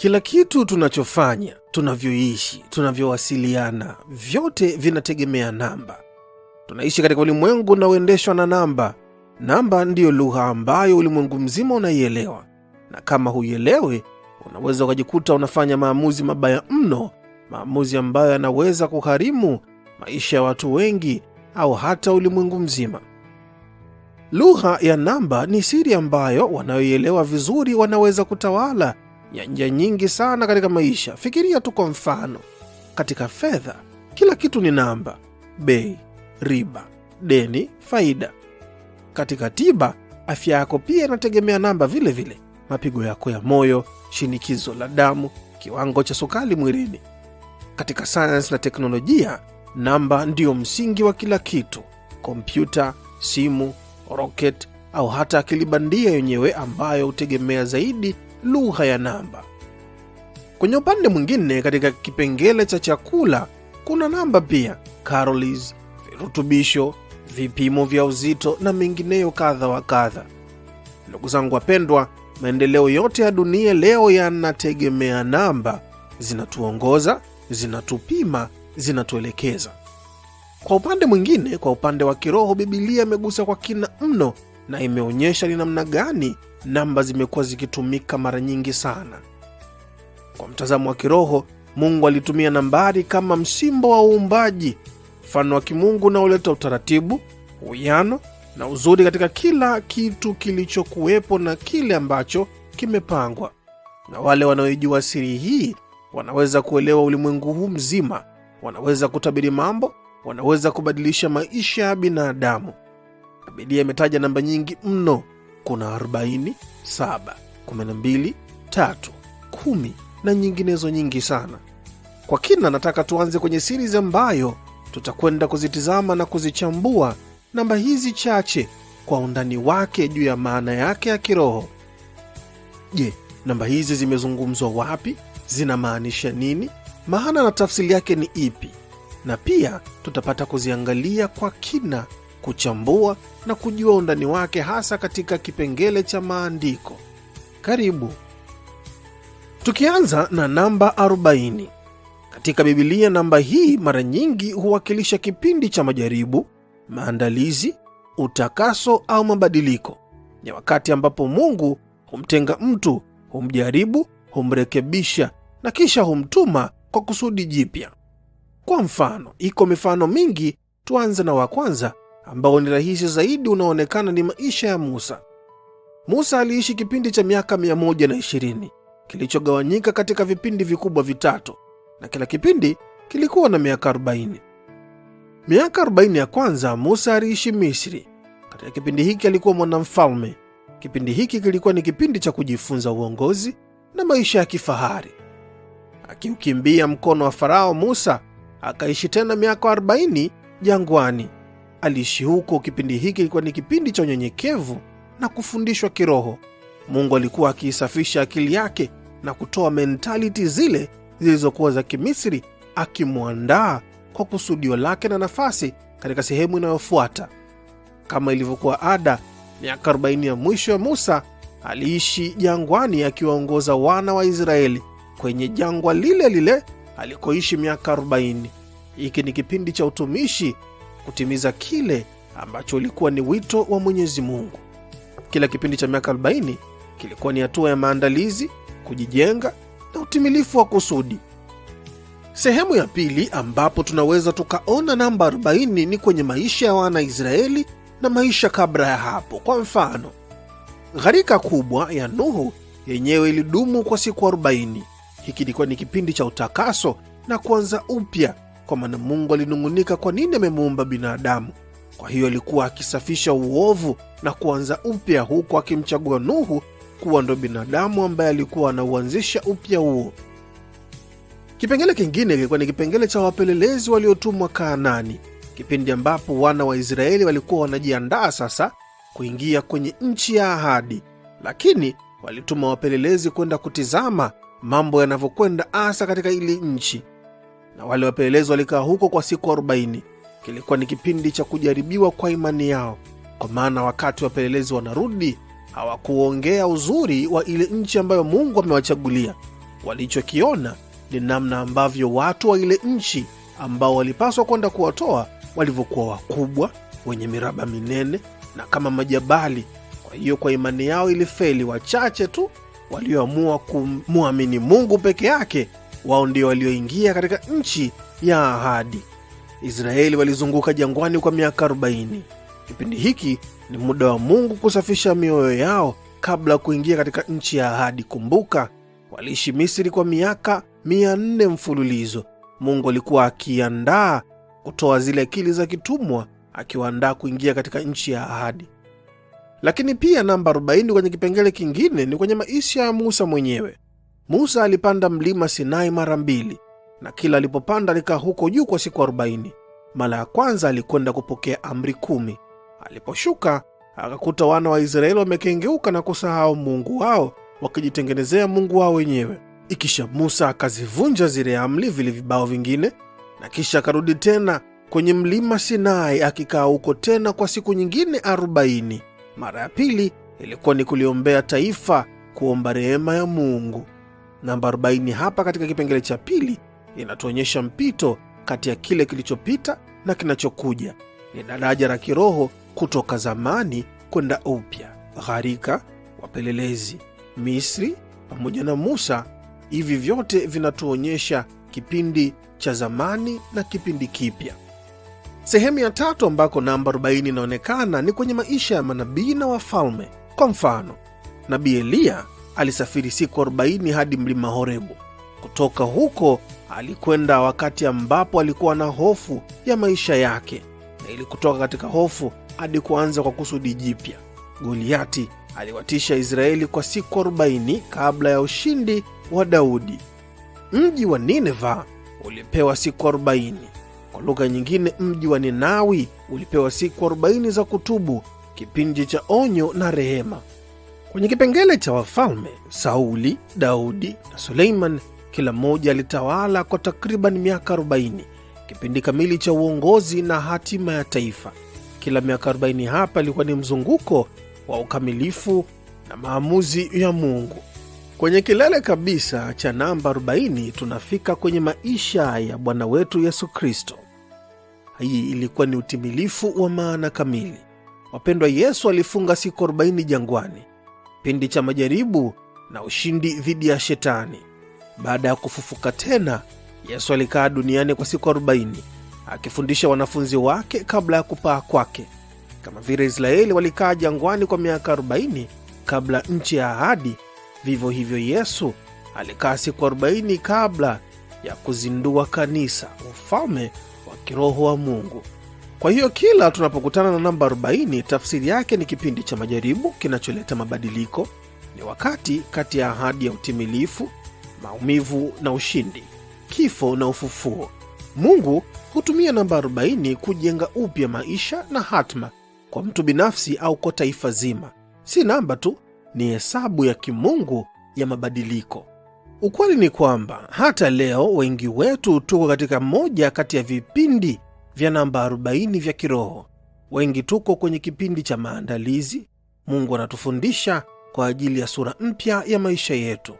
Kila kitu tunachofanya, tunavyoishi, tunavyowasiliana, vyote vinategemea namba. Tunaishi katika ulimwengu unaoendeshwa na namba. Namba ndiyo lugha ambayo ulimwengu mzima unaielewa, na kama huielewi, unaweza ukajikuta unafanya maamuzi mabaya mno, maamuzi ambayo yanaweza kuharimu maisha ya watu wengi au hata ulimwengu mzima. Lugha ya namba ni siri ambayo wanayoielewa vizuri wanaweza kutawala nyanja nyingi sana katika maisha. Fikiria tu kwa mfano, katika fedha kila kitu ni namba: bei, riba, deni, faida. Katika tiba, afya yako pia inategemea namba vile vile: mapigo yako ya moyo, shinikizo la damu, kiwango cha sukari mwilini. Katika sayansi na teknolojia, namba ndiyo msingi wa kila kitu: kompyuta, simu, roket au hata akili bandia yenyewe ambayo hutegemea zaidi lugha ya namba. Kwenye upande mwingine, katika kipengele cha chakula kuna namba pia: calories, virutubisho, vipimo vya uzito na mengineyo kadha wa kadha. Ndugu zangu wapendwa, maendeleo yote ya dunia leo yanategemea namba. Zinatuongoza, zinatupima, zinatuelekeza. Kwa upande mwingine, kwa upande wa kiroho, Bibilia imegusa kwa kina mno na imeonyesha ni namna gani namba zimekuwa zikitumika mara nyingi sana. Kwa mtazamo wa kiroho, Mungu alitumia nambari kama msimbo wa uumbaji, mfano wa kimungu unaoleta utaratibu, uwiano na uzuri katika kila kitu kilichokuwepo na kile ambacho kimepangwa. Na wale wanaoijua siri hii wanaweza kuelewa ulimwengu huu mzima, wanaweza kutabiri mambo, wanaweza kubadilisha maisha ya binadamu. Biblia imetaja namba nyingi mno, kuna 40, 12, na nyinginezo nyingi sana. Kwa kina, nataka tuanze kwenye series ambayo tutakwenda kuzitizama na kuzichambua namba hizi chache kwa undani wake juu ya maana yake ya kiroho. Je, namba hizi zimezungumzwa wapi? Zinamaanisha nini? Maana na tafsiri yake ni ipi? Na pia tutapata kuziangalia kwa kina kuchambua na kujua undani wake hasa katika kipengele cha maandiko. Karibu. Tukianza na namba 40. Katika bibilia namba hii mara nyingi huwakilisha kipindi cha majaribu, maandalizi, utakaso au mabadiliko. Ni wakati ambapo Mungu humtenga mtu, humjaribu, humrekebisha na kisha humtuma kwa kusudi jipya. Kwa mfano, iko mifano mingi, tuanze na wa kwanza ambao ni rahisi zaidi unaonekana ni maisha ya Musa. Musa aliishi kipindi cha miaka 120 kilichogawanyika katika vipindi vikubwa vitatu, na kila kipindi kilikuwa na miaka 40. Miaka 40 ya kwanza Musa aliishi Misri. Katika kipindi hiki alikuwa mwanamfalme. Kipindi hiki kilikuwa ni kipindi cha kujifunza uongozi na maisha ya kifahari. Akiukimbia mkono wa Farao, Musa akaishi tena miaka 40 jangwani aliishi huko. Kipindi hiki kilikuwa ni kipindi cha unyenyekevu na kufundishwa kiroho. Mungu alikuwa akiisafisha akili yake na kutoa mentaliti zile zilizokuwa za Kimisri, akimwandaa kwa kusudio lake na nafasi katika sehemu inayofuata. Kama ilivyokuwa ada, miaka 40 ya mwisho ya Musa aliishi jangwani akiwaongoza wana wa Israeli kwenye jangwa lile lile alikoishi miaka 40. Hiki ni kipindi cha utumishi kutimiza kile ambacho ulikuwa ni wito wa Mwenyezi Mungu. Kila kipindi cha miaka 40 kilikuwa ni hatua ya maandalizi, kujijenga na utimilifu wa kusudi. Sehemu ya pili ambapo tunaweza tukaona namba 40 ni kwenye maisha ya Wanaisraeli na maisha kabla ya hapo. Kwa mfano, gharika kubwa ya Nuhu yenyewe ilidumu kwa siku 40. Hiki kilikuwa ni kipindi cha utakaso na kuanza upya kwa maana Mungu alinung'unika kwa nini amemuumba binadamu. Kwa hiyo alikuwa akisafisha uovu na kuanza upya, huku akimchagua Nuhu kuwa ndo binadamu ambaye alikuwa anauanzisha upya huo. Kipengele kingine kilikuwa ni kipengele cha wapelelezi waliotumwa Kaanani, kipindi ambapo wana wa Israeli walikuwa wanajiandaa sasa kuingia kwenye nchi ya ahadi, lakini walituma wapelelezi kwenda kutizama mambo yanavyokwenda hasa katika ili nchi na wale wapelelezi walikaa huko kwa siku 40 Kilikuwa ni kipindi cha kujaribiwa kwa imani yao, kwa maana wakati wapelelezi wanarudi hawakuongea uzuri wa ile nchi ambayo Mungu amewachagulia. Walichokiona ni namna ambavyo watu wa ile nchi ambao walipaswa kwenda kuwatoa walivyokuwa wakubwa, wenye miraba minene na kama majabali. Kwa hiyo kwa imani yao ilifeli. Wachache tu walioamua kumwamini Mungu peke yake wao ndio walioingia katika nchi ya ahadi. Israeli walizunguka jangwani kwa miaka 40. Kipindi hiki ni muda wa Mungu kusafisha mioyo yao kabla ya kuingia katika nchi ya ahadi. Kumbuka, waliishi Misri kwa miaka 4 mfululizo. Mungu alikuwa akiandaa kutoa zile akili za kitumwa, akiwaandaa kuingia katika nchi ya ahadi. Lakini pia namba 40 kwenye kipengele kingine ni kwenye maisha ya Musa mwenyewe. Musa alipanda mlima Sinai mara mbili, na kila alipopanda alikaa huko juu kwa siku arobaini. Mara ya kwanza alikwenda kupokea amri kumi. Aliposhuka akakuta wana wa Israeli wamekengeuka na kusahau Mungu wao, wakijitengenezea mungu wao wenyewe. Ikisha Musa akazivunja zile amri, vile vibao vingine, na kisha akarudi tena kwenye mlima Sinai akikaa huko tena kwa siku nyingine arobaini. Mara ya pili ilikuwa ni kuliombea taifa, kuomba rehema ya Mungu. Namba 40 hapa katika kipengele cha pili inatuonyesha mpito kati ya kile kilichopita na kinachokuja. Ni daraja la kiroho kutoka zamani kwenda upya. Gharika, wapelelezi, Misri pamoja na Musa, hivi vyote vinatuonyesha kipindi cha zamani na kipindi kipya. Sehemu ya tatu ambako namba 40 inaonekana ni kwenye maisha ya manabii na wafalme. Kwa mfano, nabii Eliya alisafiri siku 40 hadi mlima Horebu. Kutoka huko alikwenda wakati ambapo alikuwa na hofu ya maisha yake, na ili kutoka katika hofu hadi kuanza kwa kusudi jipya. Goliati aliwatisha Israeli kwa siku 40 kabla ya ushindi wa Daudi. Mji wa Nineva ulipewa siku 40. Kwa lugha nyingine, mji wa Ninawi ulipewa siku 40 za kutubu, kipindi cha onyo na rehema. Kwenye kipengele cha wafalme, Sauli, Daudi na Suleiman, kila mmoja alitawala kwa takriban miaka 40, kipindi kamili cha uongozi na hatima ya taifa. Kila miaka 40 hapa ilikuwa ni mzunguko wa ukamilifu na maamuzi ya Mungu. Kwenye kilele kabisa cha namba 40 tunafika kwenye maisha ya Bwana wetu Yesu Kristo. Hii ilikuwa ni utimilifu wa maana kamili. Wapendwa, Yesu alifunga siku 40 jangwani kipindi cha majaribu na ushindi dhidi ya Shetani. Baada ya kufufuka tena, Yesu alikaa duniani kwa siku arobaini akifundisha wanafunzi wake kabla ya kupaa kwake, kama vile Israeli walikaa jangwani kwa miaka 40 kabla nchi ya ahadi. Vivyo hivyo Yesu alikaa siku 40 kabla ya kuzindua kanisa, ufalme wa kiroho wa Mungu. Kwa hiyo kila tunapokutana na namba 40 tafsiri yake ni kipindi cha majaribu kinacholeta mabadiliko, ni wakati kati ya ahadi ya utimilifu, maumivu na ushindi, kifo na ufufuo. Mungu hutumia namba 40 kujenga upya maisha na hatma kwa mtu binafsi au kwa taifa zima. Si namba tu, ni hesabu ya kimungu ya mabadiliko. Ukweli ni kwamba hata leo wengi wetu tuko katika moja kati ya vipindi vya namba 40 vya kiroho. Wengi tuko kwenye kipindi cha maandalizi. Mungu anatufundisha kwa ajili ya sura mpya ya maisha yetu.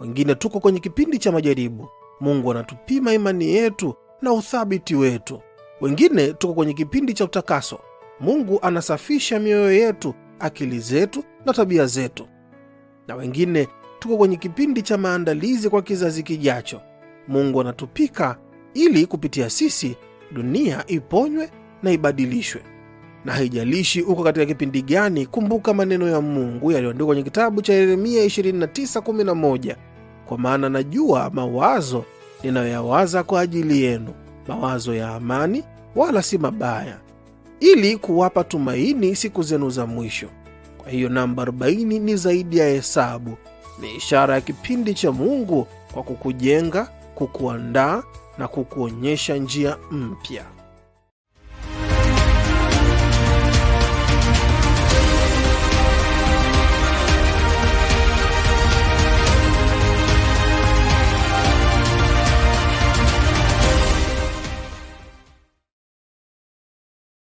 Wengine tuko kwenye kipindi cha majaribu. Mungu anatupima imani yetu na uthabiti wetu. Wengine tuko kwenye kipindi cha utakaso. Mungu anasafisha mioyo yetu, akili zetu na tabia zetu. Na wengine tuko kwenye kipindi cha maandalizi kwa kizazi kijacho. Mungu anatupika ili kupitia sisi dunia iponywe na ibadilishwe. Na haijalishi uko katika kipindi gani, kumbuka maneno ya Mungu yaliyoandikwa kwenye kitabu cha Yeremia 29:11, kwa maana najua mawazo ninayoyawaza kwa ajili yenu, mawazo ya amani, wala si mabaya, ili kuwapa tumaini siku zenu za mwisho. Kwa hiyo namba 40 ni zaidi ya hesabu, ni ishara ya kipindi cha Mungu kwa kukujenga, kukuandaa na kukuonyesha njia mpya.